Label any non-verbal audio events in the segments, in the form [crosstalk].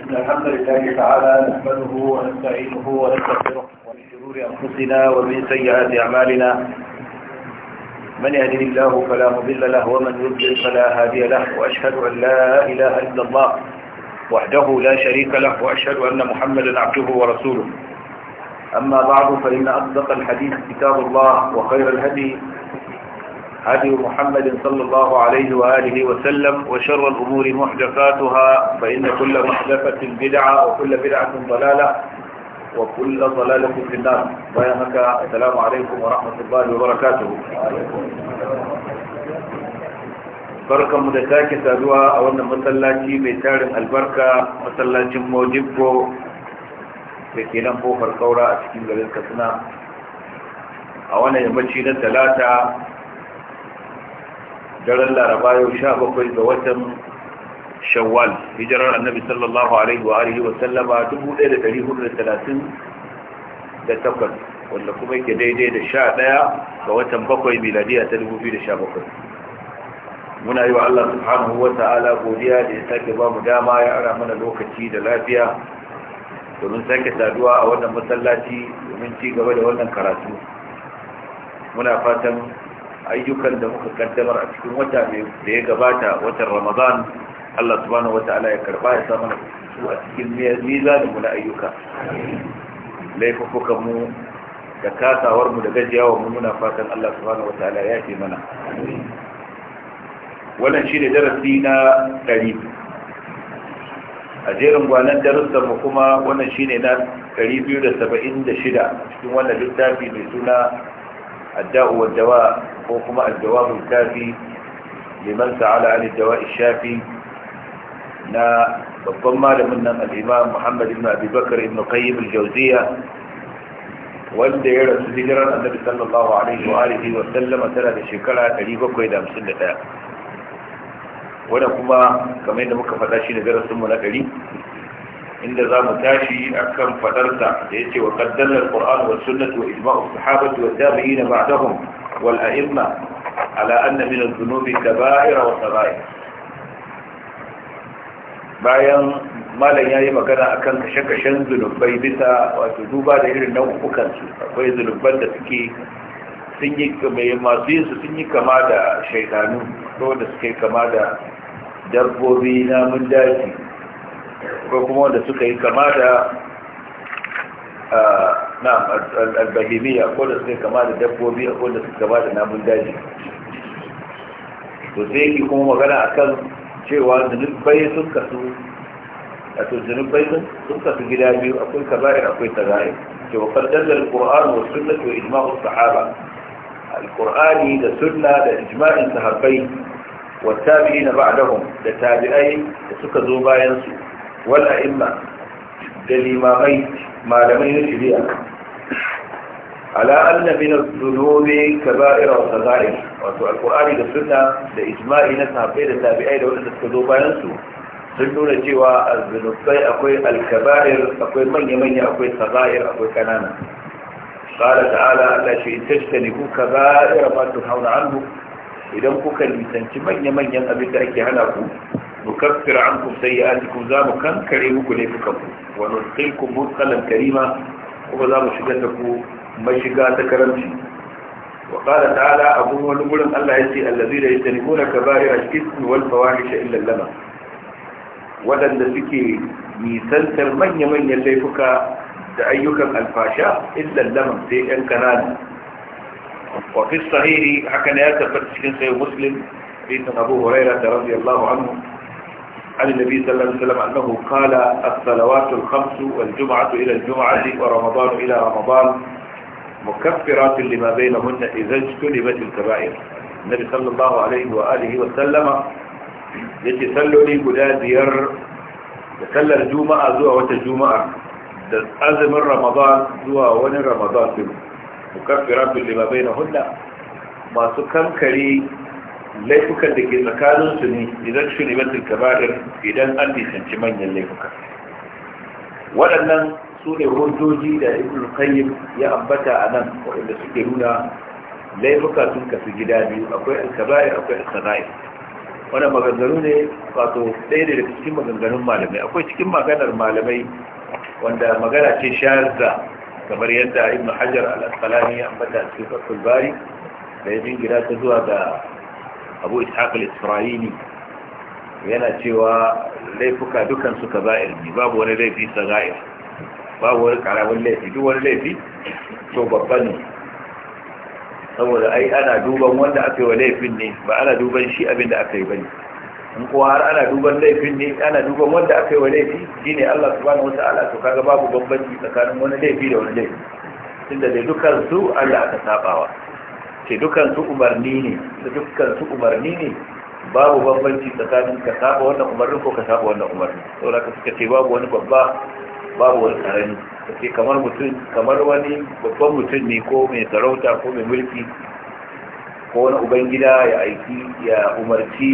إن الحمد لله تعالى نحمده ونستعينه ونستغفره ومن شرور أنفسنا ومن سيئات أعمالنا من يهده الله فلا مضل له ومن يضلل فلا هادي له وأشهد أن لا إله إلا الله وحده لا شريك له وأشهد أن محمدا عبده ورسوله أما بعد فإن أصدق الحديث كتاب الله وخير الهدي هدي محمد صلى الله عليه وآله وسلم وشر الأمور محدثاتها فإن كل محدثة بدعة وكل بدعة ضلالة وكل ضلالة في النار بيانك السلام عليكم ورحمة الله وبركاته barkan mu da sake saduwa a wannan masallaci mai tarin albarka masallacin mojibbo da ke nan kofar saura a cikin garin katsina a wannan yammaci na talata daren laraba yau sha bakwai ga watan shawwal hijirar annabi sallallahu alaihi wa alihi wa sallama 1438 wanda kuma yake daidai da sha ɗaya ga watan bakwai miladiya ta 2017 muna yi wa Allah subhanahu wa ta'ala godiya da ya sake ba mu dama ya ara mana lokaci da lafiya domin sake saduwa a wannan masallaci domin ci gaba da wannan karatu muna fatan ayyukan da muka kaddamar a cikin wata da ya gabata watan ramadan Allah subhanahu wata'ala ya karba ya samu su a cikin mizaninmu na ayyuka mu da kasawarmu da gajiyawa mu muna fatan Allah subhanahu wata'ala ya ce mana wannan shi ne darasi na ɗari a jerin gwanan darussanmu kuma wannan shi ne na biyu da da saba'in shida cikin wannan littafi mai suna الداء والدواء وكما الجواب الكافي لمن سأل عن الدواء الشافي نا بالضمة لمن الإمام محمد بن أبي بكر بن قيم الجوزية wanda ya rasu hijiran annabi sallallahu alaihi wa alihi wa sallama tana da shekara 751 wanda kuma kamar yadda muka faɗa shi da darasin mu na 100 inda za mu tashi a kan fadarsa da ya ce wa kaddalar ƙor'an wa sunnatu wa ijma'u sahabatu wa jami'i na ba'dahum wal a'imma ala anna min az-zunubi kaba'ira wa saba'i bayan malam yayi magana akan kashe-kashen zunubai bisa wato duba da irin nau'ukan su akwai zunuban da suke sun yi mai masu yin su sun yi kama da shaidanu ko da suke kama da dabbobi namun daji ko kuma wanda suka yi kama da na albahimiya ko da suka yi kama da dabbobi ko da suka kama da namun daji to sai yake kuma magana a kan cewa zunubbai sun kasu a to zunubai sun kasu gida biyu akwai kabari akwai tazari ke wa faddalar qur'an wa sunna wa ijma'u sahaba Alƙur'ani da sunna da ijma'in sahabbai wa na ba'adahun, da tabi'ai da suka zo bayan su wala imma da limamai malamai na shari'a ala anna min az-zunubi kaba'ir wa sadair wato alqur'ani da sunna da ijma'i na sahabbai da tabi'ai da wanda suka zo bayan su sun nuna cewa az-zunubai akwai al-kaba'ir akwai manya manya akwai sadair akwai kanana قال تعالى ألا شيء تجتنبوا كبائر ما idan kuka إذا manya-manyan abin da ake hana ku. nukaffir ankum sayyi'atikum za mu kankare muku ne fukan ku wa nusqilkum mutqalan karima kuma za mu shiga ta ku mashiga ta karamci wa qala ta'ala abun wani gurin Allah yace allazina yatanibuna kaba'ira al-ithmi wal fawahisha illa lama wadanda suke nisantar manya-manyan laifuka da ayyukan alfasha illa lama sai yan kanana wa fi sahihi haka ne ya tabbata cikin sayyid muslim bin abu hurairah radiyallahu anhu عن النبي صلى الله عليه وسلم أنه قال الصلوات الخمس والجمعة إلى الجمعة ورمضان إلى رمضان مكفرات لما بينهن إذا اجتنبت الكبائر النبي صلى الله عليه وآله وسلم يجي صلوا لي قدا ديار تسلى الجمعة زوى وتجمعة أزم رمضان زوى ون رمضان مكفرات لما بينهن ما سكن كريم laifukan da ke tsakanin su ne idan shuribatul kaba'ir idan an nisanci manyan laifuka waɗannan su ne hujjoji da ibn qayyim ya ambata a nan waɗanda suke nuna laifuka sun kasu gida biyu akwai al akwai al wannan maganganu ne wato ɗaya ne daga cikin maganganun malamai akwai cikin maganar malamai wanda magana ce shazza kamar yadda ibn hajar al-asqalani ya ambata a cikin fatul bari da ya jingira ta zuwa ga abu ishaq al-isra'ili yana cewa laifuka dukan suka za'ir ne babu wani laifi za'ir babu wani karamin laifi duk wani laifi to babba ne saboda ai ana duban wanda aka yi wa laifin ne ba ana duban shi abin da aka yi bane in kuwa har ana duban laifin ne ana duban wanda aka yi wa laifi shine Allah subhanahu wata'ala to kaga babu bambanci tsakanin wani laifi da wani laifi tunda dai dukansu su Allah aka sabawa ce dukansu umarni ne da dukansu umarni ne babu bambanci tsakanin ka saba wannan umarnin ko ka saba wannan umarnin saboda ka suka ce babu wani babba babu wani karami ka ce kamar mutum kamar wani babban mutum ne ko mai sarauta ko mai mulki ko wani ubangida ya aiki ya umarci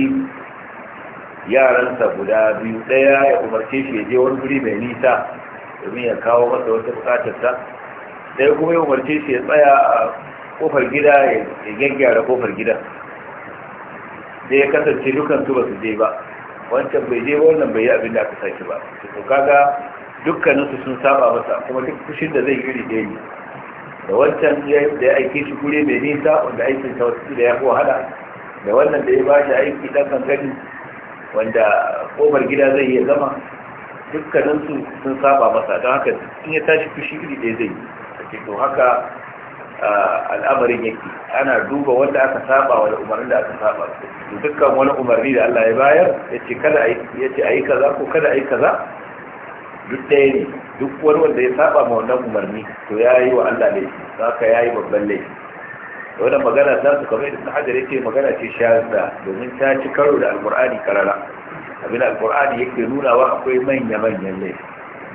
yaransa guda biyu daya ya umarce shi ya je wani guri mai nisa domin ya kawo masa wata bukatarsa ɗaya kuma ya umarce shi ya tsaya a kofar gida ya gyaggyara kofar gida da ya kasance dukansu ba su je ba wancan bai je wannan bai yi abin da aka sake ba to kaga dukkaninsu sun saba masa kuma duk fushin da zai yuri da yi da wancan da ya aiki shi kure mai nisa wanda aikin ta wasu da ya fi wahala da wannan da ya ba shi aiki ɗan kankani wanda kofar gida zai iya zama dukkaninsu sun saba masa don haka in ya tashi fushi iri ɗaya zai yi to haka al'amarin yake ana duba wanda aka saba wa umarnin da aka saba dukkan wani umarni da Allah ya bayar yace kada yace ayi kaza ko kada ayi kaza duk dai ne duk wani wanda ya saba ma wannan umarni to yayi wa Allah laifi saka yayi babban ne wannan magana ta su kamar da Hajar yake magana ce shazza domin ta ci karo da Alqur'ani karara abin Alqur'ani yake nuna wa akwai manya manyan laifi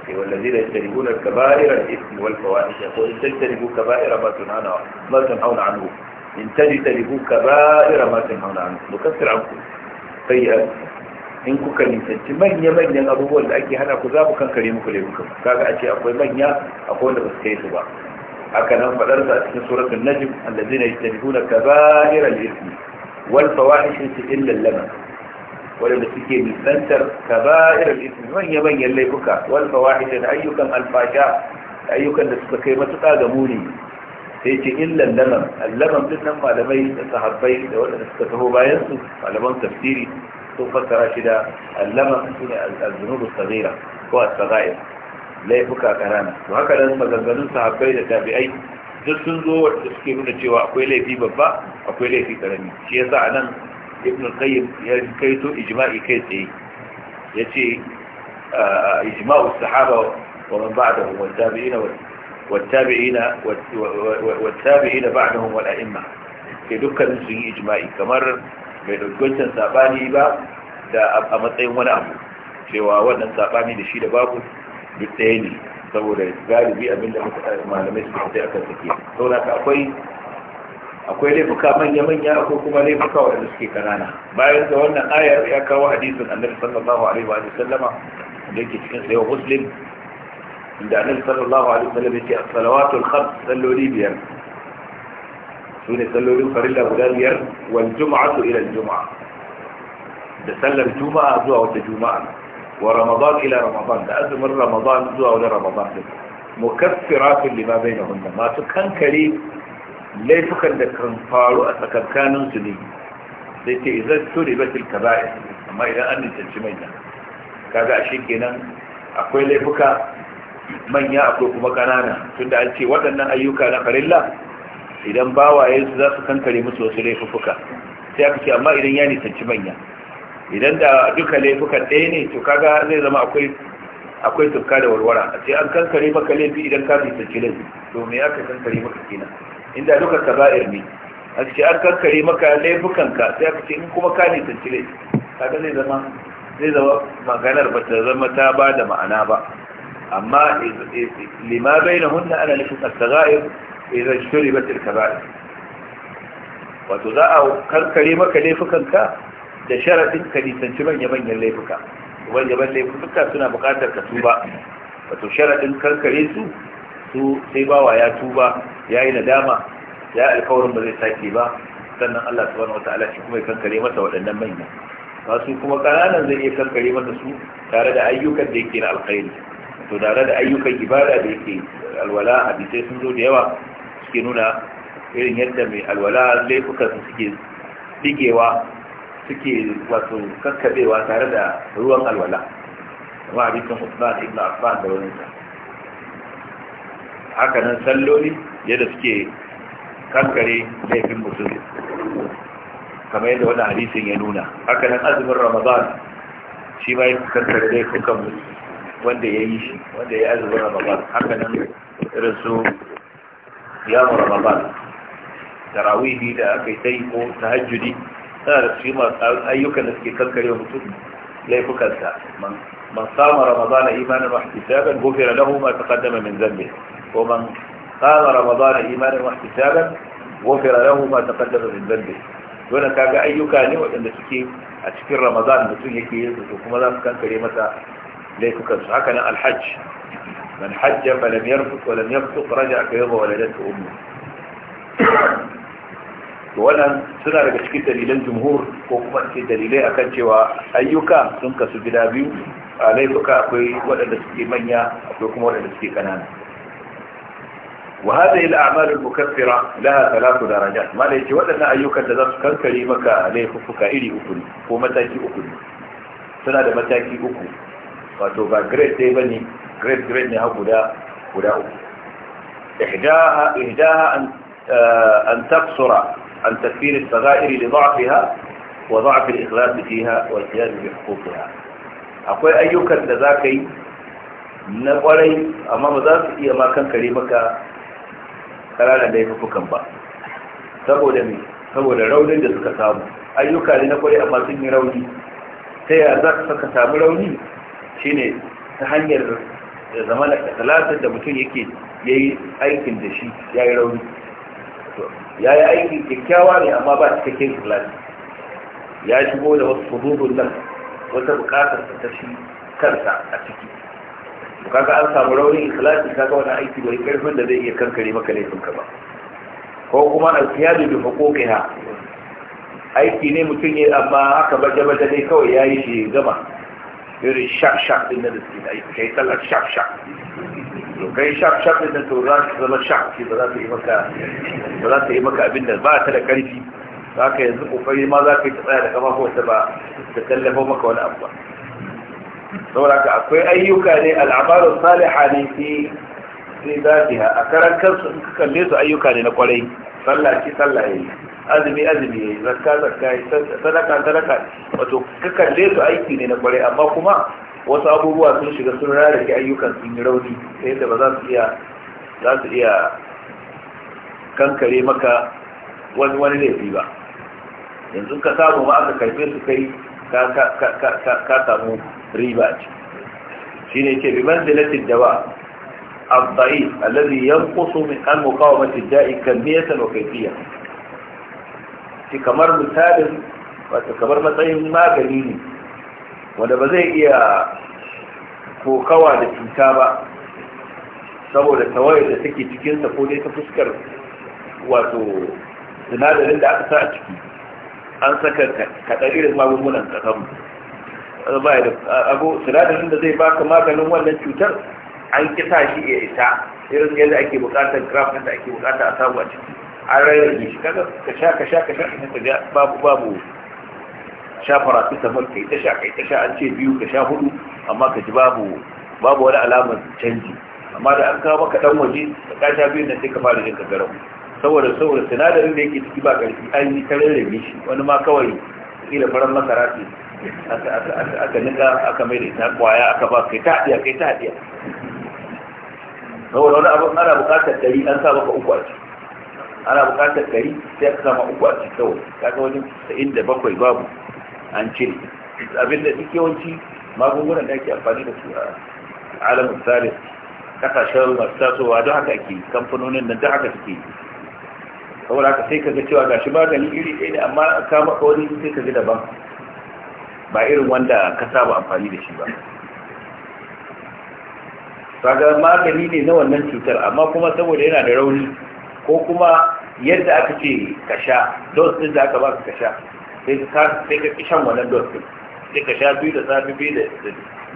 والذين يجتنبون الكبائر الاثم والفواحش يقول ان تجتنبوا كبائر ما تنهون ما تنهون عنه ان تجتنبوا كبائر ما تنهون عنه نكفر عنكم سيئات ان كن انت من يا من يا ابو بول اكي هنا كذاب كان كريم كريم كاجا اكي اكو من يا اكو ده بسكيت با هكذا نعم بدرس في سورة النجم الذين يجتنبون كبائر الاثم والفواحش الا اللمن waɗanda suke nisantar kaba'ir ismi manya manyan laifuka wani fawahisha da ayyukan alfasha ayyukan da suka kai matuƙa ga muni sai ce illan lamam allaman din nan malamai da sahabbai da waɗanda suka taho bayansu, malaman tafsiri sun fassara shi da allaman su ne al-zunubu saghira ko as-saghair laifuka karana to haka nan maganganun sahabbai da tabi'ai duk sun zo wanda suke nuna cewa akwai laifi babba akwai laifi ƙarami, shi yasa anan ibn al-qayyim ya kaito ijma'i kai tsaye yace ijma'u sahaba wa man ba'dahum wa tabi'ina wa tabi'ina wa tabi'ina ba'dahum wal a'imma Sai dukkanin sun yi ijma'i kamar bai dogoncan sabani ba da a matsayin wani abu cewa wannan sabani da shi da babu duk ɗaya ne saboda galibi abinda malamai suka ta akan sake saboda akwai akwai laifuka manya-manya ko kuma laifuka waɗanda suke kanana bayan da wannan ayar ya kawo hadisin annabi sallallahu alaihi wa sallama da yake cikin sayo muslim inda annabi sallallahu alaihi wa sallama yake as-salawatul khams salloli biyar su ne sallolin farilla guda biyar wal jum'atu ila al-jum'a da sallar juma'a zuwa wata juma'a wa ramadan ila ramadan da azumin ramadan zuwa wani ramadan mukaffiratun lima bainahunna masu kankare laifukan da kan faru a tsakankanin su ne da ce izar turi batil kaba'ir amma idan an nisanci manya kaga ashe kenan akwai laifuka manya akwai kuma kanana tunda an ce waɗannan ayyuka na farilla idan bawaye su za su kankare musu wasu laifuka sai aka ce amma idan ya nisanci manya idan da duka laifuka ɗaya ne to kaga zai zama akwai akwai tufka da warwara a ce an kankare maka laifi idan ka nisanci laifi to me aka kankare maka kenan inda duka kaba'ir ne a ce an kankare maka laifukanka sai aka ce in kuma ka ne cire. kaga zai zama zai zama maganar ba ta zama ta ba da ma'ana ba amma lima bai na hunna ana nufin asaga'ir idan shuri ta kaba'ir wato za a kankare maka laifukanka da sharaɗin ka nisanci manya-manyan laifuka manya-manyan laifuka suna buƙatar ka tuba wato sharaɗin kankare su sai bawa ya tuba ya yi nadama ya alkawarin ba zai sake ba sannan Allah subhanahu wataala shi kuma ya kankare masa waɗannan manya masu kuma ƙananan zai iya kankare masa su tare da ayyukan da yake na alkhairi to tare da ayyukan ibada da yake alwala hadisai sun zo da yawa suke nuna irin yadda mai alwala laifukan su suke digewa suke wato kakkabewa tare da ruwan alwala kuma hadisin Usman ibn Affan da wani sa haka nan salloli yadda suke kankare laifin mutum kamar yadda wani hadisin ya nuna haka nan azumin ramadan shi ma ya kankare laifin kan wanda ya yi shi wanda ya yi azumin ramadan haka nan irin su yamu ramadan tarawihi da aka yi sai ko ta tahajjudi tana da su yi ayyukan da suke kankare mutum laifukansa man sama ramadana imanin wa ihtisaban ghufira lahu ma ta taqaddama min dhanbihi ومن قام رمضان إيمانا واحتسابا غفر له ما تقدم من ذنبه wannan kaga ayyuka ne waɗanda suke a cikin ramadan mutum yake yin su kuma za su kankare masa laifukan su haka nan alhajj man hajja fa lam yarfut raja ka yawma waladatu ummu wannan suna daga cikin dalilan jumhur ko kuma cikin dalilai akan cewa ayyuka sun kasu gida biyu a laifuka akwai manya akwai kuma waɗanda suke ƙanana wa hadhihi al-a'mal al-mukaffira laha thalathu darajat mala yake waɗannan ayyukan da za su kankare maka laifuka iri uku ko mataki uku suna da mataki uku wato ba grade ɗaya bane grade grade ne ha guda uku ihdaha ihdaha an eh, an taqsura an tafsir as-sagha'ir li dha'fiha wa dha'f al-ikhlas akwai ayyukan da zaka yi na kwarai amma ba za su iya ma kankare maka da laifukan ba saboda me saboda raunin da suka samu ayyuka ne na kwarai amma sun yi rauni ta ya za saka samu rauni shine ta hanyar zama da talatin da mutum yake ya yi aikin da shi ya yi rauni ya yi aiki kyakkyawa ne amma ba cikakken ikhlasi ya shigo da wasu hudubun nan wata bukatar ta shi kansa a ciki kaga an samu rauni ikhlasi kaga wani aiki mai karfin da zai iya kankare maka laifin ka ba ko kuma al bi huquqiha aiki ne mutum ya amma haka baje baje dai kawai yayi shi gama irin shak shak din da suke aiki kai sallar shak shak to kai shak shak din da to za su zama shak shi ba za ta yi maka ba za ta yi maka abin da ba ta da karfi za ka yanzu kokari ma za ka yi tsaya da kafafuwa ta ba ta tallafa maka wani abu ba saboda ka akwai ayyuka ne al'amalu saliha ne fi fi zafiya a karan kansu in ka kalle su ayyuka ne na kwarai sallah ki sallah yayi azumi azumi yayi zakka zakka yayi sadaka sadaka wato ka kalle su aiki ne na kwarai amma kuma wasu abubuwa sun shiga sun rarrake ayyukan sun yi rauni ta yadda ba za su iya za su iya kankare maka wani wani laifi ba yanzu ka samu ma aka karfe su kai ka samu riba ce shi ne ce biman zilatin dawa abba'i allazi yanqusu min al-muqawamati da'i kamiyatan wa shi kamar misalin wato kamar matsayin magani ne wanda ba zai iya kokawa da cuta ba saboda tawaye da take cikinsa ko dai ta fuskar wato sinadarin da aka sa a ciki an saka kaɗa da magungunan ƙasanmu ba da abu sinadarin da zai baka maganin wannan cutar an kisa shi ya isa irin yadda ake bukatar graft da ake bukata a samu a ciki an da shi kaga ka sha ka sha ka sha ka ga babu babu sha paracetamol kai ta sha kai ta sha an ce biyu ka sha hudu amma ka ji babu babu wani alamar canji amma da an kawo maka dan waje ka ka sha biyu nan sai ka fara jin ka garau saboda saboda sinadarin da yake ciki ba karfi an yi ta da shi wani ma kawai kila faran masara ce aka nika aka mai da ita kwaya aka ba kai ta hadiya kai ta hadiya saboda wani abu ana bukatar dari an sa maka uku a ciki ana bukatar dari sai aka sama uku a ciki kawai kaga wajen sa'in da bakwai babu an cire abin da duk yawanci magungunan da ake amfani da su a alamun salis kasashen masu tasowa don haka ake kamfanonin nan don haka suke kawai haka sai ka ga cewa gashi magani iri ɗaya ne amma ka maka wani sai ka ga daban ba irin wanda ka saba amfani da shi ba kaga magani ne na wannan cutar amma kuma saboda yana da rauni ko kuma yadda aka ce ka sha dose din da aka ba ka sha sai ka sai ka shan wannan dose din sai ka sha biyu da safi biyu da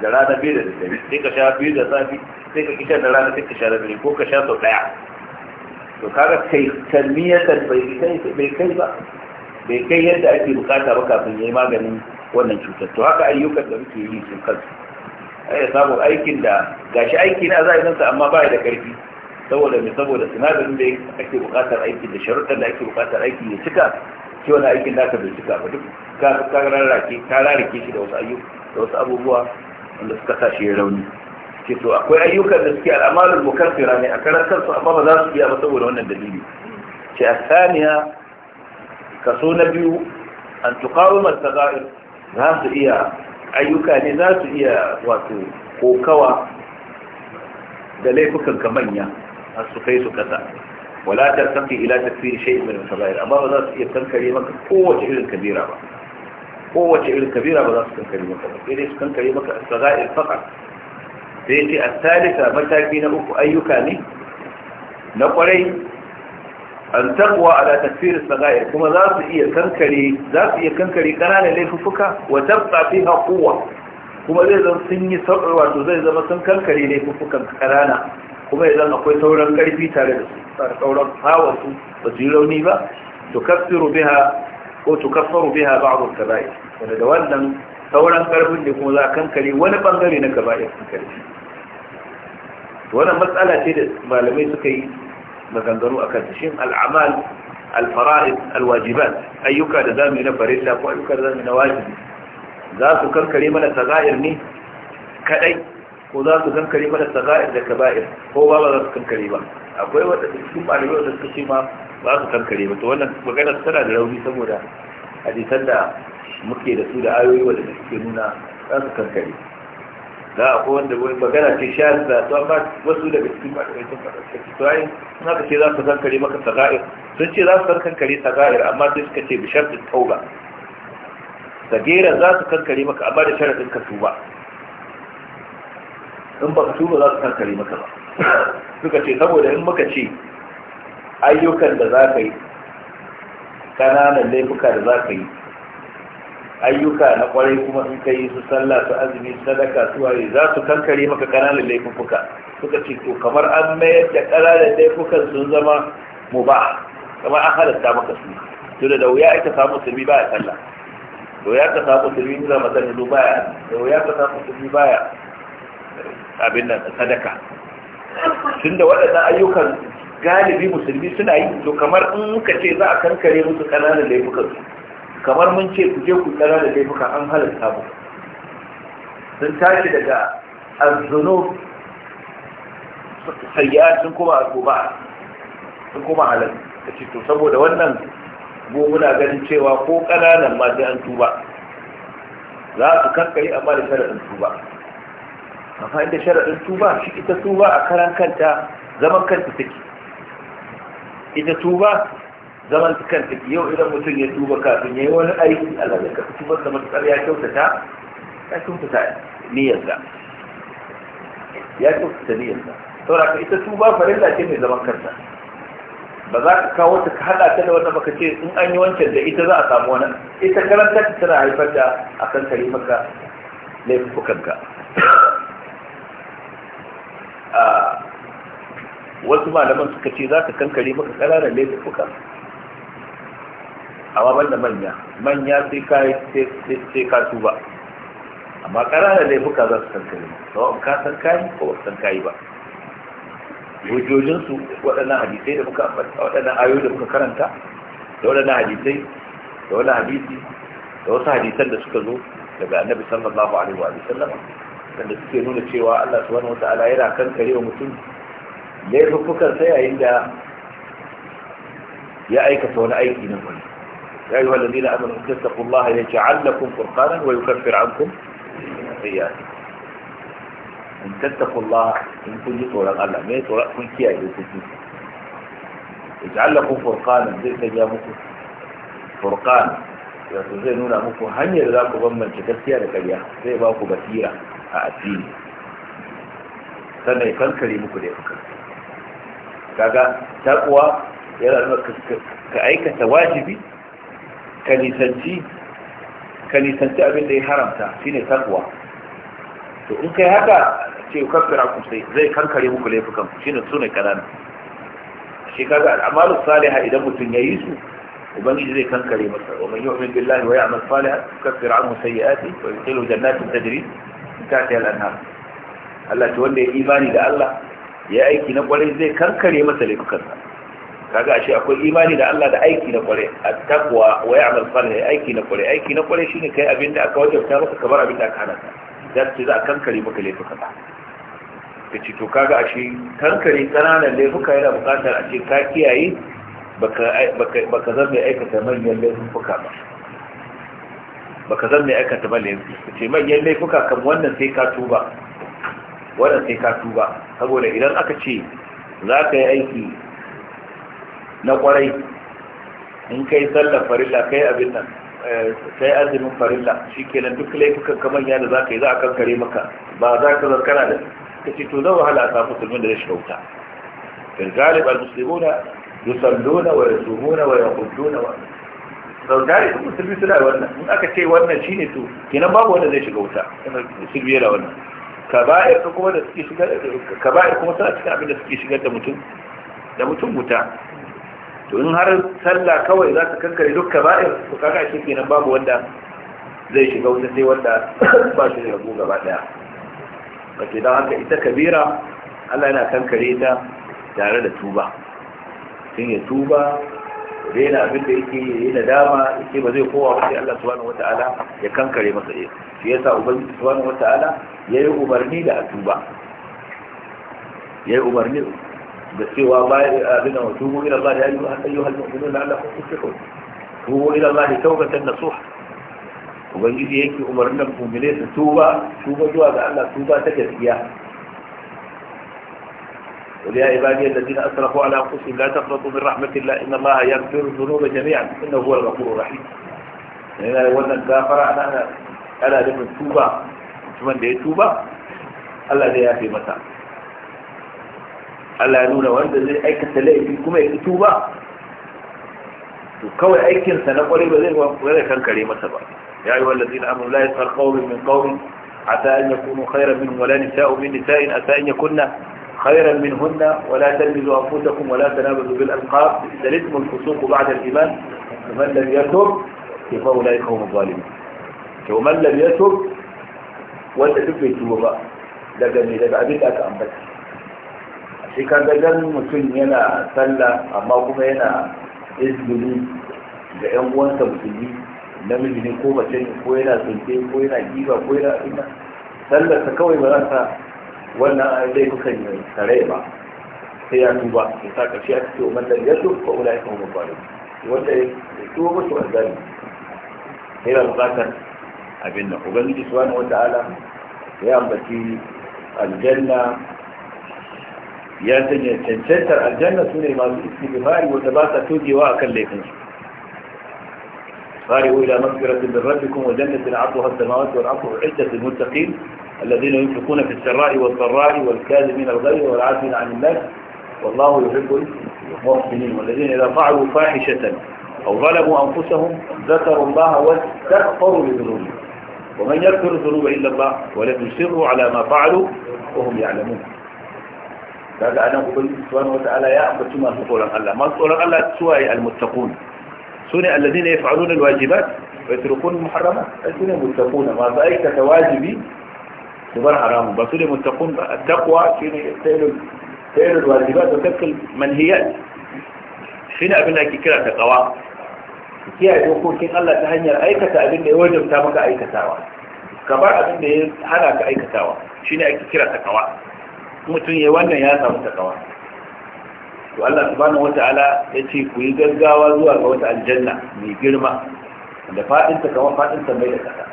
da rana biyu da dare sai ka sha biyu da safi sai ka kishan da rana sai ka sha da dare ko ka sha sau daya to kaga kai kalmiyar bai kai bai kai ba bai kai yadda ake bukata ba kafin yayi maganin wannan cutar to haka ayyukan da muke yi sun kansu ai samu aikin da gashi aiki na za a yi nansa amma ba da karfi saboda mai saboda sinadarin da ake bukatar aikin da sharuɗan da ake bukatar aiki ya cika shi wani aikin da aka bai cika ba duk ka rarrake ka shi da wasu ayyuka da wasu abubuwa wanda suka sa shi rauni ke to akwai ayyukan da suke al'amalin mukaffira ne a karan kansu amma ba za su biya ba saboda wannan dalili ce a saniya kaso na biyu an tuqawima al-sagha'ir za su iya ayyuka ne za su iya wato kokawa da laifukan ka manya a su kai su kasa wala ta tafi ila tafsir shay'in min al-kaba'ir amma ba za su iya kankare maka kowace irin kabira ba kowace irin kabira ba za su kankare maka ba sai su kankare maka as-saga'ir faqat sai ce a salisa mataki na uku ayyuka ne na kwarai an taqwa ala takfir as kuma za su iya kankare za su iya kankare kananan laifuffuka wa tabqa fiha quwwa kuma zai zama sun yi sauƙi wato zai zama sun kankare laifukan kanana kuma idan akwai sauran ƙarfi tare da su sauran hawa su ba su yi rauni ba to kafiru biha ko to kafaru biha ba'd al-kaba'ir wanda da wannan sauran ƙarfin da kuma za a kankare wani bangare na kaba'ir kankare wannan matsala ce da malamai suka yi maganganu akan ta shin al'amal al-fara'id ayyuka da zamu yi na farilla ko ayyuka da zamu yi na wajibi za su kankare mana sagair ne kadai ko za su kankare mana sagair da kaba'ir ko ba ba za su kankare ba akwai wanda cikin malamai da suka ce ma ba su kankare ba wannan magana tana da rauni saboda hadisan muke da su da ayoyi wanda suke nuna za su kankare da akwai wanda wani magana ce sha da to amma wasu daga cikin malamai sun to cikin tuwaye sun ce za su kankare maka saga'ir sun ce za su san kankare saga'ir amma sai suka ce bi sharɗin tauba sagera za su kankare maka amma da din ka tuba in ba ka tuba za su kankare maka ba [laughs] suka ce saboda in muka ce ayyukan da za ka yi ƙananan laifuka da za ka yi ayyuka na kwarai kuma in ka yi su sallah su azumi sadaka su waye za su kankare maka ƙananan laifuka suka ce to kamar an mayar da kananan laifukan sun zama mu ba kamar an halatta maka su to da wuya ake samu su bi baya sallah da wuya ka samu bi in zama sallah ba ya da wuya ka samu su bi baya abin nan sadaka da waɗannan ayyukan galibi musulmi suna yi to kamar in ka ce za a kankare musu ƙananan laifukan su kamar mun ce ku je ku tsara da laifuka an halarta mu sun tashi daga azzunu hayya sun kuma azuba sun kuma halarta kace to saboda wannan go muna ganin cewa ko kananan ma sai an tuba za su kankare amma da sharadin tuba amma inda sharadin tuba shi ita tuba a karan kanta zaman kanta take ita tuba zaman kan take yau idan mutum ya tuba kafin ya yi wani aiki a lalaka su ba da matukar ya kyautata ya kyautata niyyarsa ya kyautata niyyarsa saboda ita tuba farilla ce mai zaman kanta ba za ka kawo ta haɗa ta da wata baka ce in an yi wancan da ita za a samu wani ita karanta ta tana haifar da a kan kari maka laifukanka ka ah, wasu malaman suka ce za ka kankare maka ƙananan laifukan. amma ban da manya manya sai ka sai ka ba amma da laifuka za su san kai sawa ka san kayi ko ba san kayi ba hujjojinsu waɗannan hadisai da muka ambata waɗannan ayoyi da muka karanta da waɗannan hadisai da wani hadisi da wasu hadisan da suka zo daga annabi sallallahu alaihi wa sallama wanda suke nuna cewa Allah subhanahu ta'ala yana kan wa mutum laifukan sai yayin da ya aikata wani aiki na wani يا أيها الذين أمنوا ان تتقوا الله يجعل لكم فرقانا ويكفر عنكم سيئات إن تتقوا الله إن كنتوا لغلا ميتوا لكم كي أجلسكم اجعل لكم فرقانا ذلك يا مكو فرقانا يا سيدنا مكو هني لذلك بما تكسيا لك يا سيباكو بثيرا أعطيني sannan kan kare muku da yankan kaga takwa yana zama ka aikata wajibi ka nisanci abin da ya haramta shine takwa to in kai haka ce kafira ku sai zai kankare muku laifukan ku shine sunan kanana shi kaga al'amalu salihah idan mutum ya yi su ubangiji zai kankare masa wa man yu'min billahi wa ya'mal salihan yukaffir yi sayyi'ati wa yudkhilu jannatin tajri min ta al-anhar Allah ce wanda ya imani da Allah ya aiki na kwarai zai kankare masa laifukansa kaga ashe akwai imani da Allah da aiki na kware at-taqwa wa ya'mal salih aiki na kware aiki na kware shine kai abin da aka wajabta maka kamar abin da aka hana ka dan ce za a kankare maka laifuka ba kace to kaga ashe kankare kananan laifuka yana bukatar a ce ka kiyaye baka baka zan mai aikata manyan laifuka ba baka zan mai aikata ba laifuka ce manyan laifuka kan wannan sai ka tuba wannan sai ka tuba saboda idan aka ce za ka yi aiki na kwarai in kai sallar farilla kai abin nan eh, kai azumin farilla shi ke nan duk laifukan kamar ya da za ka yi za a kankare maka ba za ka zarkana da ka ce to zama hala a samu musulmin da ya shiga wuta fil galib al muslimuna yusalluna wa yasumuna wa yaqudduna wa sau tare da musulmi suna wannan in aka ce wannan shine to kenan babu wanda zai shiga wuta musulmi yana wannan kaba'ir kuma da suke shigar kaba'ir kuma suna cikin abin da suke shigar da mutum da mutum wuta to in har sallah kawai za ta kankare duk ba'in su kaka shi nan babu wanda zai shiga wuta sai wanda [coughs] ba shi da rabu gaba daya wace don haka ita kabira Allah yana kankare ta tare da tuba sun ya tuba daina abin da yake yi na dama yake ba zai kowa wace Allah subhanahu wata'ala ya kankare masa ya shi yasa ubangiji subhanahu wata'ala ya yi umarni da a tuba ya yi umarni سوى الله آمنا وتوبوا إلى الله أيها المؤمنون لعلكم تفلحون توبوا إلى الله توبة نصوح يجي هيك أمرنا بمؤمنين توبة توبة جوا لأن توبة تجزية قل يا عبادي الذين أسرفوا على أنفسهم لا تقنطوا من رحمة الله إن الله يغفر الذنوب جميعا إنه هو الغفور الرحيم لأن أولنا كافر أنا أنا لمن توبة ثم توبة الذي يأتي مثلا Allah ya nuna wanda zai aikata laifi kuma ya fito ba to kawai aikinsa na kwarai ba zai wani kankare masa ba ya yi wallazi na amur layar tsarkawar min kawai a ta an yakunu khairan min wala nisa'u min nisa'in a ta an yakunna khairan min hunna wala talmizu anfusakum wala tanabazu bil alqab dalikum al fusuq ba'da al iman man lam yatub fa ulaika hum zalimun to man lam yatub wanda duk bai tuba ba daga ne daga abin da aka ambata shi ka ga ganin mutum yana sallah amma kuma yana izgili ga yan uwan musulmi namiji ne ko mace ne ko yana sunce ko yana giba ko yana ina sallar ta kawai ba za ta wannan zai kusan yi tare ba sai ya tuba ya sa kashi a cikin wanda da ya tuba ula ya kuma bari wanda ya tuba musu sai ya bukatar abin nan ubangiji subhanahu wataala ya ambaci aljanna يا سيدي cancantar الجنة su ne masu istighfari wanda ba sa tojewa a إلى مغفرة من ربكم وجنة عرضها السماوات والأرض عدة للمتقين الذين ينفقون في السراء والضراء والكاذبين الغير والعافين عن الناس والله يحب المحسنين والذين إذا فعلوا فاحشة أو ظلموا أنفسهم ذكروا الله واستغفروا لذنوبهم ومن يذكر الذنوب إلا الله ولم يصروا على ما فعلوا وهم يعلمون kaga anan ubangiji subhanahu wata'ala ya ambaci masu tsoron Allah masu tsoron Allah suwaye almuttaqun sune alladhina yaf'aluna alwajibat wa yatrukuna almuharramat sune muttaquna ma ba aikata wajibi su bar haramun ba sune muttaqun ba at-taqwa shine tsayin tsayin alwajibat wa tarkul manhiyat shine abin da ake kira taqwa kiyaye dokokin Allah ta hanyar aikata abin da ya wajabta maka aikatawa ka bar abin da ya hana ka aikatawa shine ake kira taqwa mutum ya wannan ya samu takawa to Allah subhanahu wata'ala ya ce ku yi gaggawa zuwa ga wata aljanna mai girma da fadin takawa fadin mai da kasa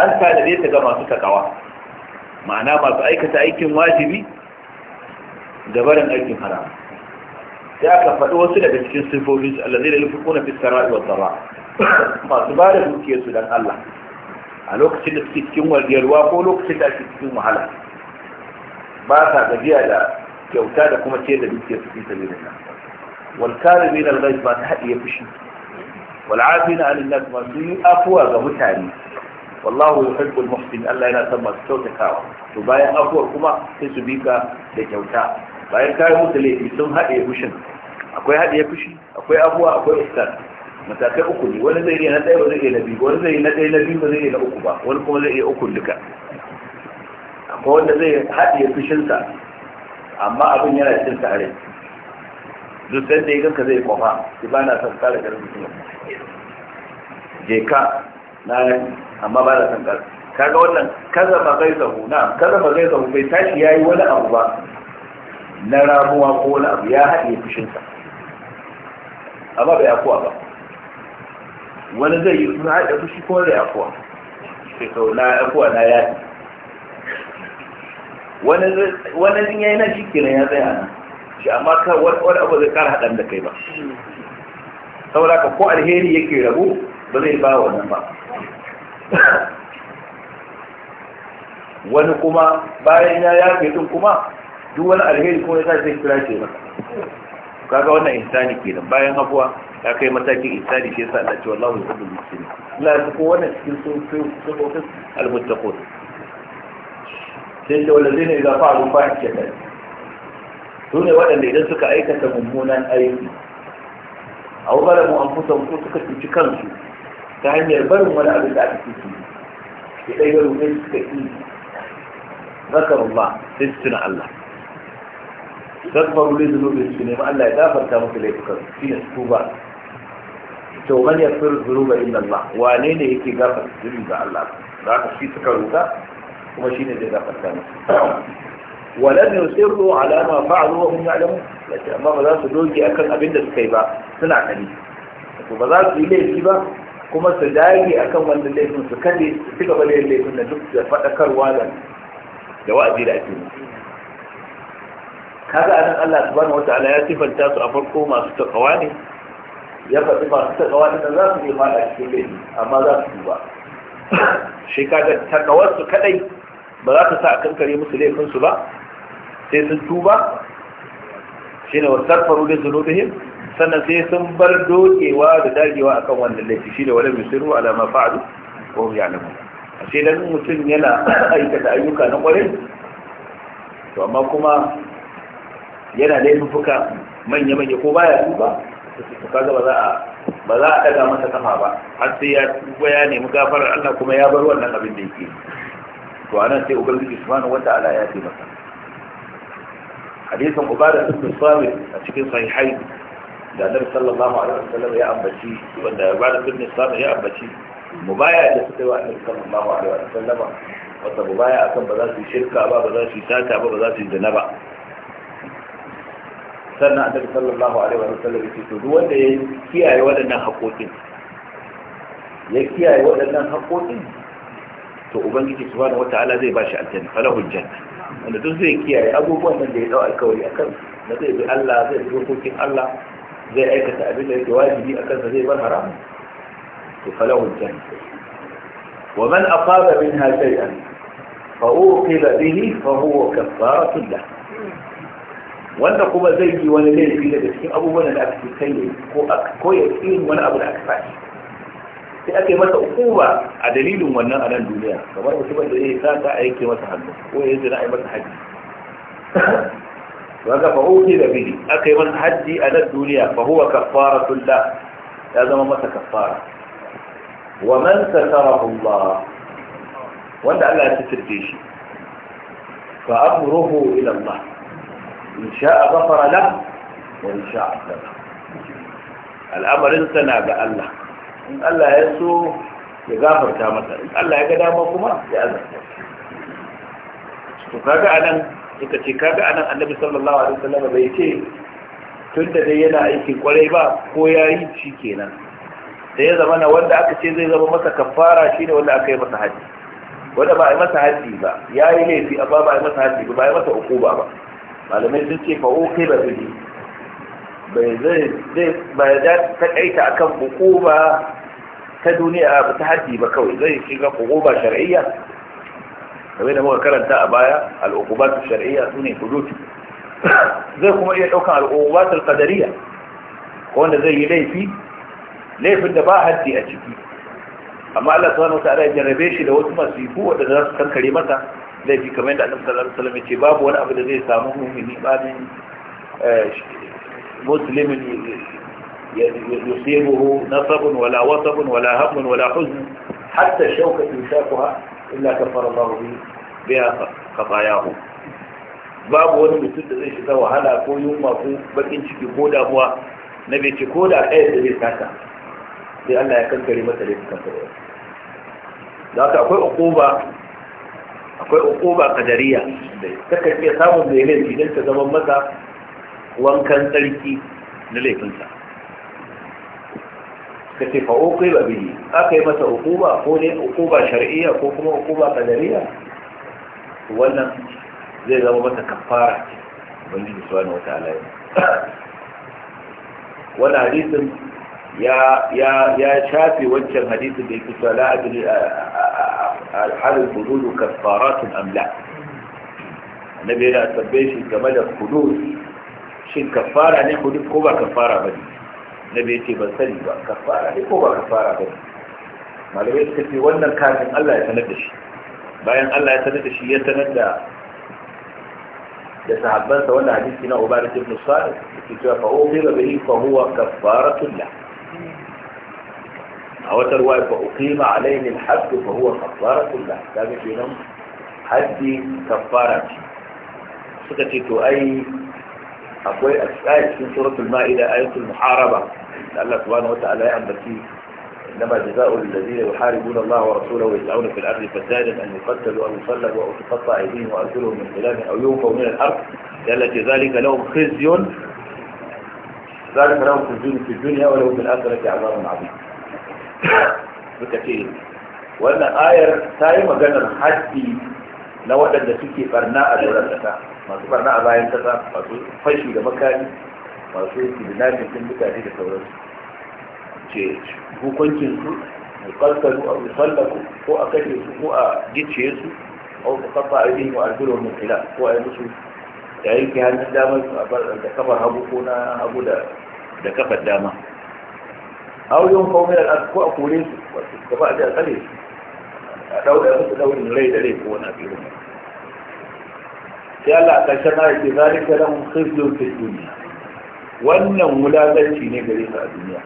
an tanade ta ga masu takawa ma'ana masu aikata aikin wajibi da barin aikin haram sai aka faɗi wasu daga cikin sifofin allazai da lufi kuna fiskar rayuwar zama masu ba da su don Allah a lokacin da suke cikin wargiyarwa ko lokacin da ake cikin wahala ba sa gajiya da kyauta da kuma ce da dukiyar su fi sabilillah wal karimin na ghaiz ba ta haɗiye fushi wal afina anil nas ma su yi afuwa ga mutane wallahu yuhibbu al muhsin Allah yana san masu kyauta kawa. to bayan afuwar kuma sai su bika da kyauta bayan kayan musu laifi sun haɗiye fushin akwai haɗiye fushi akwai afuwa, akwai istar matakai uku ne wani zai iya na ɗaya ba zai iya na biyu wani zai iya na ɗaya na biyu ba zai iya na uku ba wani kuma zai iya uku duka akwai wanda zai haɗe fushinsa amma abin yana cikin tare duk sai da yanka zai kwafa shi ba na san kare garin mutum je ka na amma ba na san kare kaga wannan kaza ba zai zahu na kaza ba zai zahu bai tashi ya yi wani abu ba na ramuwa ko wani abu ya haɗe fushinsa amma bai akuwa ba wani zai yi sun haɗe fushi ko zai akuwa sai to na akuwa na yaki wani ya yi na shi kenan ya tsaya nan shi amma ka wani abu zai kara haɗan da kai ba saboda ka ko alheri yake rabu ba zai ba wannan ba [coughs] wani kuma bayan ya yafe din kuma duk wani alheri kuma ya zai kira ce ba kaga wannan insani kenan bayan hafuwa ya kai matakin insani shi yasa Allah ce wallahu yuhibbul muslimin la ko wannan cikin sun sun sun sun sai ce wanda zai ne za fa rufa a kai su ne waɗanda idan suka aikata mummunan aiki a wubara mu an fusa ko suka cuci kansu ta hanyar barin wani abin da aka cuci ya ɗaya ya rufe suka yi ba sai su tuna Allah zakbaru ne zunubin su nema Allah ya gafarta musu laifukan shi ne su ba to man zuru ba illa Allah wane ne yake gafarta zuru ga Allah za ka shi suka ruka kuma shi ne da za a kasani waɗanda su yi ruwa alama ba a ruwa hun yalon lafi amma ba za su doge a kan abinda su kai ba suna kani ba za su yi laifi ba kuma su dage a kan wanda laifin su kade su fi gaba da laifin na duk da faɗakarwa da da wa'azi da ake kaga a nan allah subhanahu wa ta'ala ya sifanta su a farko masu takawa ne ya faɗi masu takawa ne za su yi fada cikin laifi amma za su duba shi kaga takawar su ba za ta sa a kankare musu laifinsu ba sai sun tuba shi ne wasar faru da him sannan sai sun bar dokewa da dagewa akan wannan laifin, shi ne wani musiru alama fa'adu ko ya alamu a ce dan mutum yana [coughs] aikata ayyuka na kwarai to amma kuma yana fuka manya-manya ko baya tuba su kaga ba za a ba za a daga masa kafa ba har sai ya tuba ya nemi gafarar Allah kuma ya bar wannan abin da yake to anan sai ubangiji subhanahu wata'ala ya ce masa hadisin ubada ibn samit a cikin sahihai da annabi sallallahu alaihi wasallam ya ambaci wanda ubada ibn samit ya ambaci mubaya da suka yi wa annabi sallallahu alaihi wasallam wata mubaya akan ba za su shirka ba ba za su sata ba ba za su zina ba sannan annabi sallallahu alaihi wasallam ya ce to duk wanda ya kiyaye waɗannan haƙoƙin ya kiyaye waɗannan haƙoƙin to ubangiji subhanahu wataala zai bashi aljanna falahu aljanna wanda duk zai kiyaye abubuwan nan da ya dau alkawari akan na zai bi Allah zai bi dokokin Allah zai aikata abin da yake wajibi akan sa zai bar haramu to falahu aljanna wa man afada minha shay'an fa uqiba bihi fa huwa kaffaratu lahu wanda kuma zai yi wani laifi daga cikin abubuwan da aka kai ko ya yi wani abu da aka fashi sai ake masa hukuma a dalilin wannan a nan duniya kamar mutumin da ya sa ta a yake masa hannu ko ya zina ai masa haji wa ga uki da bihi aka man haji a nan duniya fa huwa kafaratul la ya zama masa kafara wa man satarahu Allah wanda Allah ya tsirce shi fa amruhu ila Allah in sha'a ghafara lahu wa in sha'a ghafara al'amarin sana ga Allah in Allah ya so ya gafarta masa in Allah ya ga dama kuma ya azabta to kaga anan suka ce kaga anan annabi sallallahu alaihi wasallam bai ce tun da dai yana aikin kwarai ba ko yayi shi kenan da ya zama na wanda aka ce zai zama masa kafara shine wanda aka yi masa haji wanda ba a yi masa haji ba yayi laifi amma ba a yi masa haji ba ba a yi masa ukuba ba malamai sun ce fa uqiba bihi bai zai ta da ta akan hukuma ta duniya ba ta haddi ba kawai zai shiga hukuma shar'iyya kamar da muka karanta a baya al'uqubatu shar'iyya sune hudud [coughs] zai kuma iya daukan al qadariyya wanda zai yi laifi laifin da ba haddi a ciki amma Allah wani wataala ya jarrabe shi da wasu masifu wanda za su kankare masa laifi kamar yadda Annabi sallallahu alaihi wasallam ya ce babu wani abu da zai samu mu'mini ba ne. مسلم يصيبه نصب ولا وصب ولا هم ولا حزن حتى الشوكة يشاكها إلا كفر الله به بها خطاياه باب وني بسد ريش سوى هلا كو يوم مفو بكين شكي كودا هو نبي تقول اي سبيل كاسا لأن يكن كلمة ليس كفر ذات أقوي أقوبة أقوي أقوبة قدرية تكتب سامن ذهلين في جنسة زمن مثلا wankan tsarki na laifinsa ka ce fa uku ba biyu aka yi masa ukuba ko ne ukuba shar'iyya ko kuma ukuba kadariya wannan zai zama masa kafara ubangiji subhanahu wataala ya wannan hadisin ya ya ya shafi wancan hadisin da yake cewa la adri al-hal al-hudud kaffaratun am la annabi yana shi game da hudud shin kafara ne hudud ko ba kafara ba ne Na bai ce ban sani ba kafara ne ko ba kafara ba ne malamai suka ce wannan kafin Allah ya sanar da shi bayan Allah ya sanar da shi ya sanar da da sahabbansa wanda hadisi na Ubadah ibn Salih yake cewa fa uqila bihi fa huwa kafaratun la a wata ruwa fa uqima alayhi al-hadd fa huwa kafaratun la kaga kenan haddi kafara ce suka ce to ai akwai a في سورة المائدة آية المحاربة لأن الله سبحانه وتعالى يعمل فيه إنما جزاء الذين يحاربون الله ورسوله ويسعون في الأرض فسادا أن يقتلوا أو يصلبوا أو تقطع أيديهم وأرسلهم من خلال أو ينفوا من الأرض التي ذلك لهم خزي ذلك لهم خزي في الدنيا ولهم في الآخرة عذاب عظيم بكثير وأن آية تايمة كان حدي لو أن قرناء فرناء الولد masu barna a bayan kasa masu fashi da makani masu kidnapping sun mutane da sauransu ce hukuncin su mu kalkalu a musallaku ko a kashe su ko a gice su a wasu kafa a yi wa aljulo min khilaf ko a yi musu da yanke hannun damar su a bar da kafar hagu ko na hagu da kafar dama auyon kawai da ko a kore su wasu kafa a ji a tsare su a ɗaure musu daurin rai da rai ko wani abin sai Allah a ƙarshen ayat ce zalika lahum khizyun fid dunya wannan wulaganci ne gare su a duniya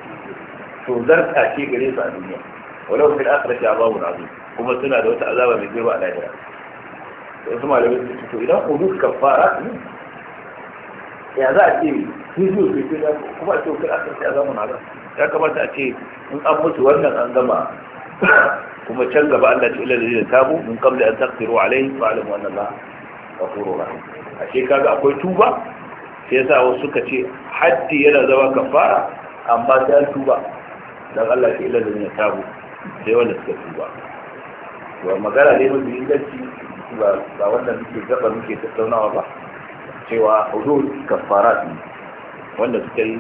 to zarta ce gare su a duniya walau fil akhirati azabun azim kuma suna da wata azaba mai girma a lahira da wasu malamai su fito to idan hudud kafara ne ya za a ce khizyun fid dunya kuma a ce a fil a azabun azim ya kamata a ce in an mutu wannan an gama kuma can gaba Allah ta ilal da tabu Mun qabla an taqdiru alayhi wa alamu anna ghafurur rahim ashe kaga akwai tuba sai yasa wasu suka ce haddi yana zama kafara amma sai an tuba don Allah ke ilal ya tabu sai wanda suka tuba to magana ne mafi inganci ba ba wanda muke gaba muke tattaunawa ba cewa hudud kafara ne wanda suka yi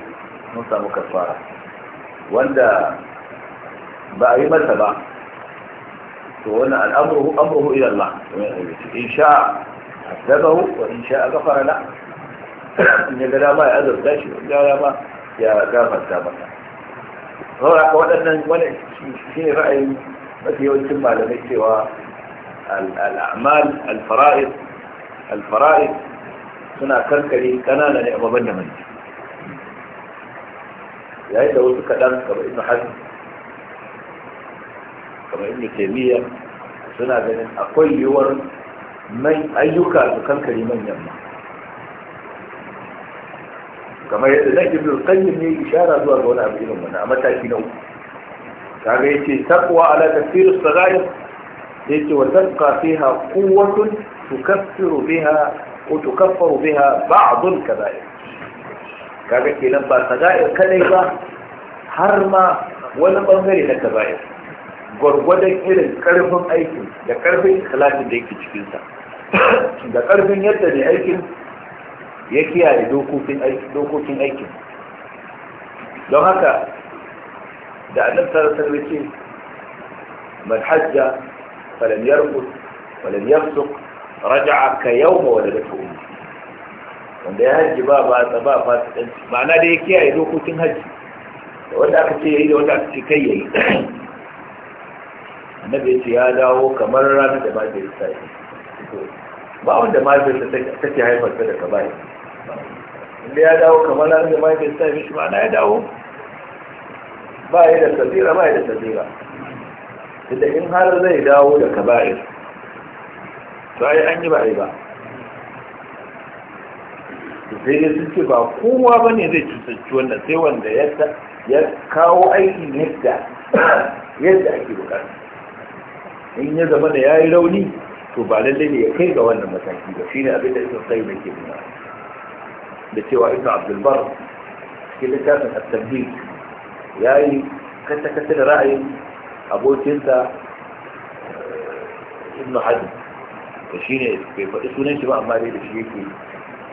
mun samu kafara wanda ba a yi masa ba to wani al'amuru amruhu ila Allah in sha أسلمه وإن شاء بقر لا ان لا ما يعذر لا شيء لا لا ما يا قام الزام هو أقول أن في رأي ما في يتم على سوى الأعمال الفرائض الفرائض هنا كنك لي كان أنا نعم من من لا يدور كلام كما إن حزم كما إن تيمية سنة بين اقوى يورد mai ayyuka su kankare manyan ma kamar yadda zai ibn qayyim ne ishara zuwa ga wani abu irin wannan a mataki na uku kaga yace taqwa ala tafsir as-sagair yace wa tabqa fiha quwwatun tukaffiru biha ko tukaffaru biha ba'd al-kaba'ir kaga kenan ba sagair kadai ba har ma wani bangare na kaba'ir gwargwadon irin karfin aikin da karfin ikhlasin da yake cikinsa [coughs] da ƙarfin yadda mai aikin ya kiyaye dokokin aikin don haka da annan sarasar rike man hajja falam falamiyar su raja a ka yau ma wadda da ta'umu wanda ya hajji ba ba ta ba ba ta ma'ana da ya kiyaye dokokin hajji da wanda aka ce yayi da wanda aka ce kai yayi [coughs] annabi ya ce ya dawo kamar ranar da ba ta yi sa'i ba wanda ta take haifarsa da bai inda ya dawo kamar an da mahaifiyarsa ya mishi na ya dawo ba ya da sabira ba ya da sabira inda in har zai dawo da kabari to ai an yi ba ai ba sai dai sun ce ba kowa ba ne zai cutanci wanda sai wanda ya kawo aiki yadda yadda ake bukata in ya zama da ya yi rauni to ba lalle ne ya kai ga wannan mataki ba shine abin da ibn qayyim yake nuna da cewa ibn abdul cikin littafin at-tabbid yayi kata kata da ra'ayin abokinsa eh, ibn hajj da shine bai faɗi sunan shi ba amma dai da shi yake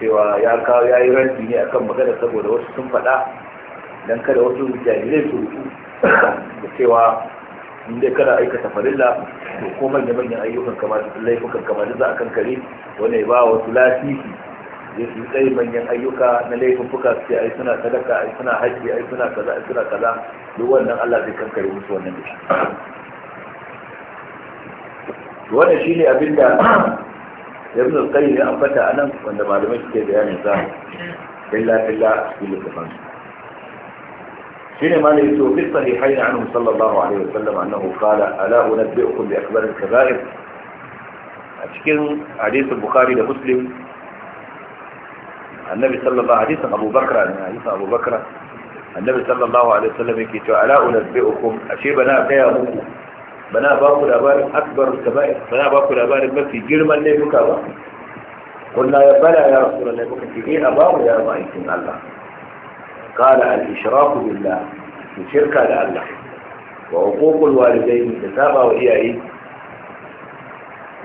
cewa ya kawo ya yi ranti ne akan magana saboda wasu sun faɗa dan kada wasu jahilai su da cewa in dai kana aikata farilla to ko manya manyan ayyukan kamar laifukan kamar za a kankare wani ya ba wasu lasisi ya su tsaye manyan ayyuka na laifuka su ce ai suna sadaka ai suna haji ai suna kaza ai suna kaza duk wannan Allah zai kankare musu wannan da shi wannan shine abin da ibn al-qayyim ya ambata nan wanda malamai suke bayanin sa illa illa bil kafan شين ما لقيته في الصحيحين عنه صلى الله عليه وسلم أنه قال ألا أنبئكم بأخبار الكبائر أشكين حديث البخاري لمسلم النبي صلى الله عليه وسلم أبو بكر يعني حديث أبو بكر النبي صلى الله عليه وسلم يكتب ألا أنبئكم أشي بنا كيامكم بنا باكو الأبار أكبر الكبائر بنا باكو الأبار ما في جرما ليبكا قلنا يا بلى يا رسول الله يبكا إيه أباه يا رسول الله قال الإشراك بالله من الشركة لله وعقوق الوالدين من تتابع وإياه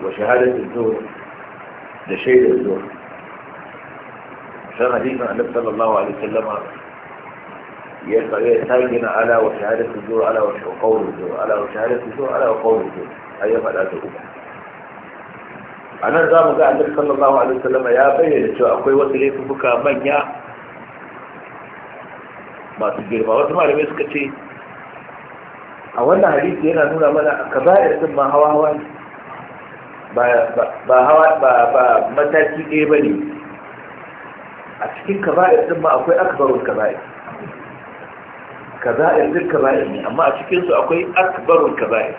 وشهادة الزور لشيء الزور عشان حديث النبي صلى الله عليه وسلم يساجن على وشهادة الزور على وقول الزهر على وشهادة الزور على وقول الزور أي فلا تقوم أنا زام قال النبي صلى الله عليه وسلم يا بين شو أخوي وسيلة فكا من يا masu girma wasu malamai suka ce a wannan hadisi yana nuna mana a kaba'ir din ma hawa hawa ba hawa ba mataki ɗaya ba ne a cikin kaba'ir din ma akwai akbarun kaba'ir kaba'ir duk kaba'ir ne amma a cikinsu akwai akbarun kaba'ir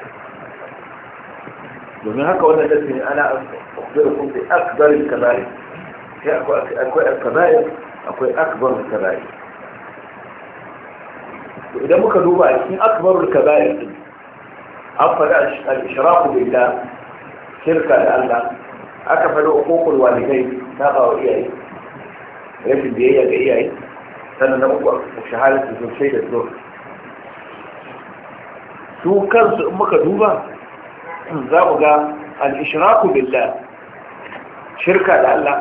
domin haka wannan nasi ne ana akbarun kaba'ir sai akwai akbarun kaba'ir akwai akbarun kaba'ir to idan muka duba a cikin akbarul kaba'ir din an faɗa al-ishraku billah shirka da Allah aka faɗa uququl walidai na ba wa iyaye rashin biyayya ga iyaye sannan na uku shahadatu sosai da zuwa su kansu in muka duba za mu ga al'ishiraku billah shirka da Allah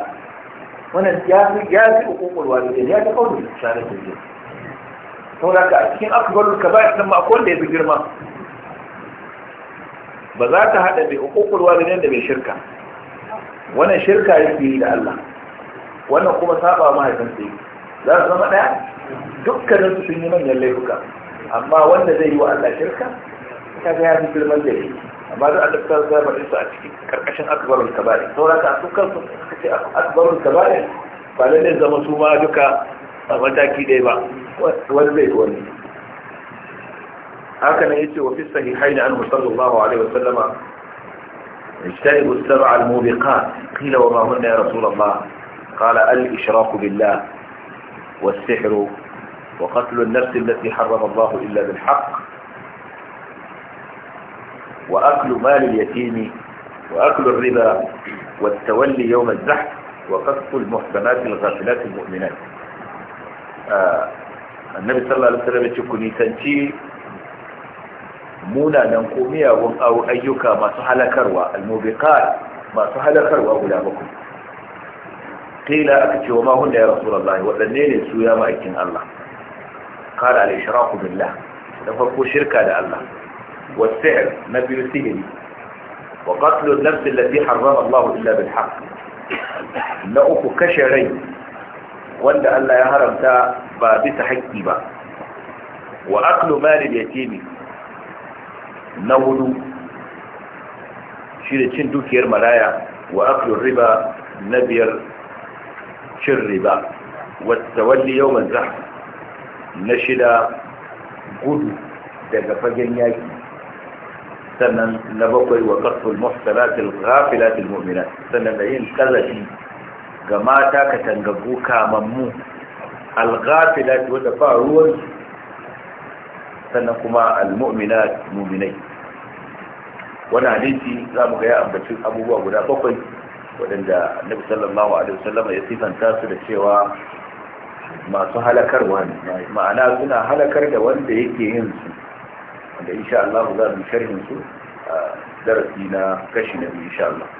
wannan ya fi ya fi hukumar walidai ya fi kaunar misalin da zai saboda a cikin akbarul kaba'ir nan ma akwai wanda ya fi girma ba za ta haɗa mai hukukul walidain da mai shirka wannan shirka yake yi da Allah wannan kuma saba mahaifin sai za su zama ɗaya dukkanin su sun yi manyan laifuka amma wanda zai yi wa Allah shirka ta ga ya fi girman da yake amma da a ta zama su a cikin karkashin akbarul kaba'ir saboda ka su kansu suka ce akbarul kaba'ir ba lallai zama su ma duka a mataki ɗaya ba والبيت والبيت هكذا haka وفي الصحيحين عنه صلى الله عليه وسلم اجتنبوا السبع الموبقات قيل وما هن يا رسول الله قال الإشراك بالله والسحر وقتل النفس التي حرم الله إلا بالحق وأكل مال اليتيم وأكل الربا والتولي يوم الزحف وقتل المحسنات الغافلات المؤمنات آه، annabi sallallahu alaihi wasallam ya ce ku nisanci munanan ko miyagun ayyuka masu halakarwa almubiqat masu halakarwa guda bakwai qila aka ce wa ma hunna ya rasulullah wadanne ne su ya ma'aikin Allah qala al-ishraku billah da farko shirka da Allah wa sihr na biyu sihiri wa qatlu an-nafs allati harrama Allah illa bil haqq na uku kashe rai wanda Allah ya haramta ba bisa haƙƙi ba wa aklu malil yatimi na hudu shi da cin dukiyar maraya wa aklu riba na biyar cin riba Wata wani yawman zah na shida gudu daga fagen yaki sannan na bakwai wa qatl muhsanatil latin mu'minat sannan da yin kazafi ga mata ka tangagu kamammu alghafilat wanda ba ruwan sannan kuma almu'minat mu'minai wani hadisi za mu ga ya ambaci abubuwa guda bakwai waɗanda annabi sallallahu alaihi wasallam ya sifanta su da cewa masu halakar wani. ma'ana suna halakar da wanda yake yin su wanda insha Allah za mu sharhin su darasi na kashi na biyu insha Allah